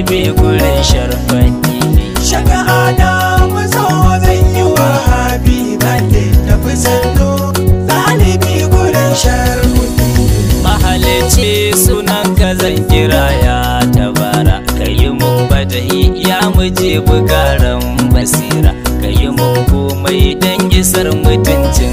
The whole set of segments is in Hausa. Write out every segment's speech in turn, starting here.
zube gurin sharfani shaka ana mazo zan yi wa habibande na fi sando zalibi gurin sharfani mahalice sunan ka zan kira ya tabara ka yi mun badahi ya muje bugaran basira ka yi mun komai dangisar isar mutuncin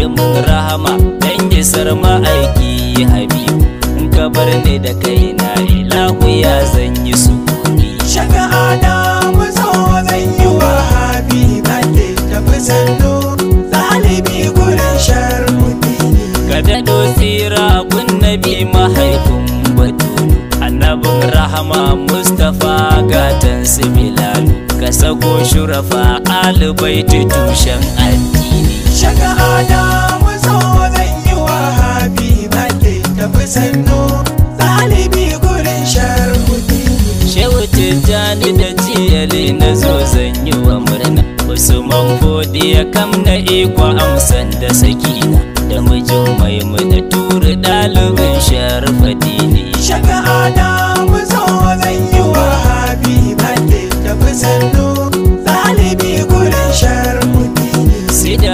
yi min rahama dan sarma aiki habibu in ka bar ni da kaina ilahu ya zan yi sukuni shaga'a na zo zan yi wa habiba ke ta sannu zalibi gurin sharudi ka daɗo tsira kun nabi mahaifin batulu annabin rahama mustapha gatan su ka sako shurafa alibaiti tushen addini shaka ala muso zan yi wa habi bade da fusanno, zalibi gurin sharhudi shehu tijjani da jiyali na zo zan yi wa murna usman godiya kam na iko amsan da sakina da mijin maimuna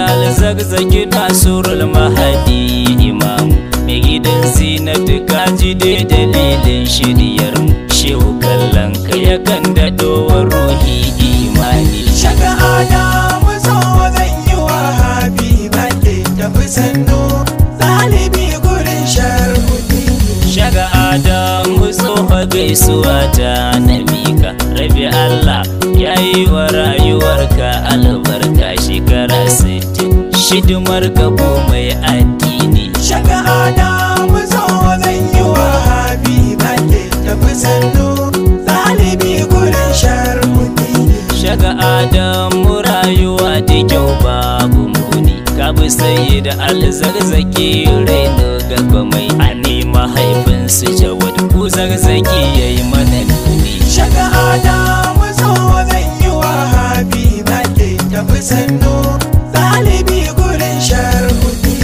alzagzagi nasurul mahadi imam mai gidan zinatu kaji da dalilin shiryar mu shehu kallon ka yakan dadowar ruhi imani shaga ana mazo zan yi wa habi bande da sannu zalibi gurin sharhudi shaga ada mu wa gaisuwa ta namika Allah ya yi wa rayuwarka albarka shekara 60 shidimar gabo mai addini shaka ana muzo zan yi wa habiba ta tafi sannu zalibi gurin sharmuti shaka adamu rayuwa da kyau babu muni kabi sai da alzarzaki raino gaba mai haifin su jawad ku zarzaki yayi mana shaga adamu zo zan yi wa habi na tafi sannu ɗalibi gurin sharhudi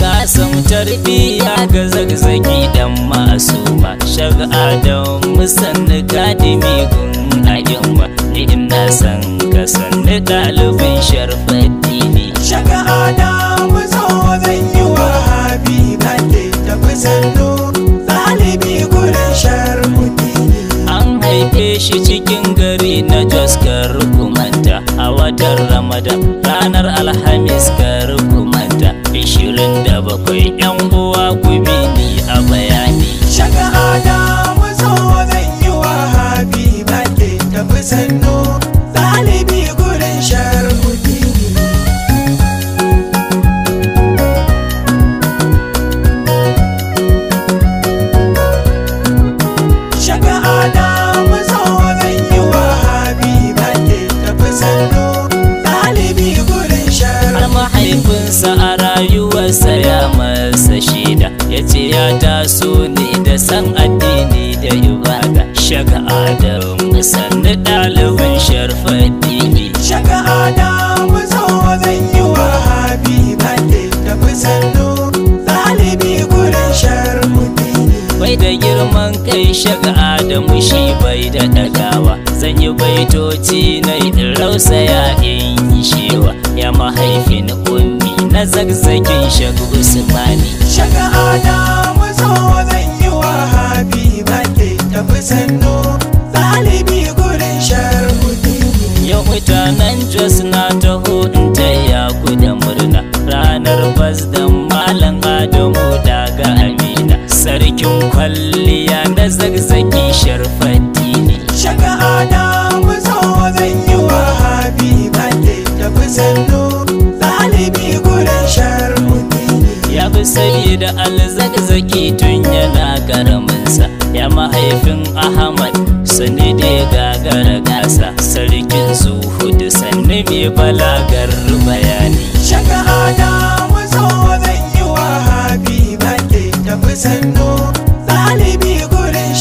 na san tarbiya ga zagzagi dan masu ma shaga adamu sannu kadimi gun a yamma ni ina san ka sannu ɗalibin sharfadi shi cikin gari na Jos Garku a watan Ramadan ranar Alhaji sa a rayuwarsa ya masa shida ya ce ya taso ne da san addini da ibada shaka adam sannu ɗalibin sharfaɗi ne shaka adam zo zan yi wa habi bande tafi zalibi ɗalibi gurin sharfaɗi bai da girman kai shaka adamu shi bai da ɗagawa zan yi baitoci na ya in yi shewa ya mahaifin Kuni. na zagzagin shagu usmani shaga ana mazo zan yi wa habi baƙi tafi sannu ɗalibi gurin sharhudini yau mutanen jos na taho in ta ku da murna ranar bas bazdan malam adamu daga amina sarkin kwalliya na zagzagi sharfa aiki tun yana karaminsa ya mahaifin ahmad sani da ya gagara gasa sarkin da sannu mai balagar bayani shagahana zan yi wa habiba ke gurin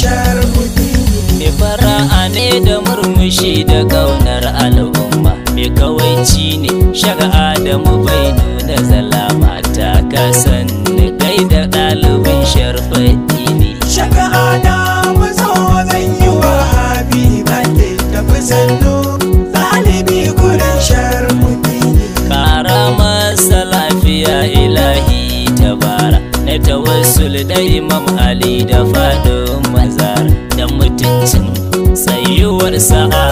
mai fara'a ne da murmushi da ƙaunar al'umma mai kawaici ne shaga'a da bai nuna zalama ta kasan kai da rasul da imam ali da fadin mazar da mutuncin tsayuwar sa'a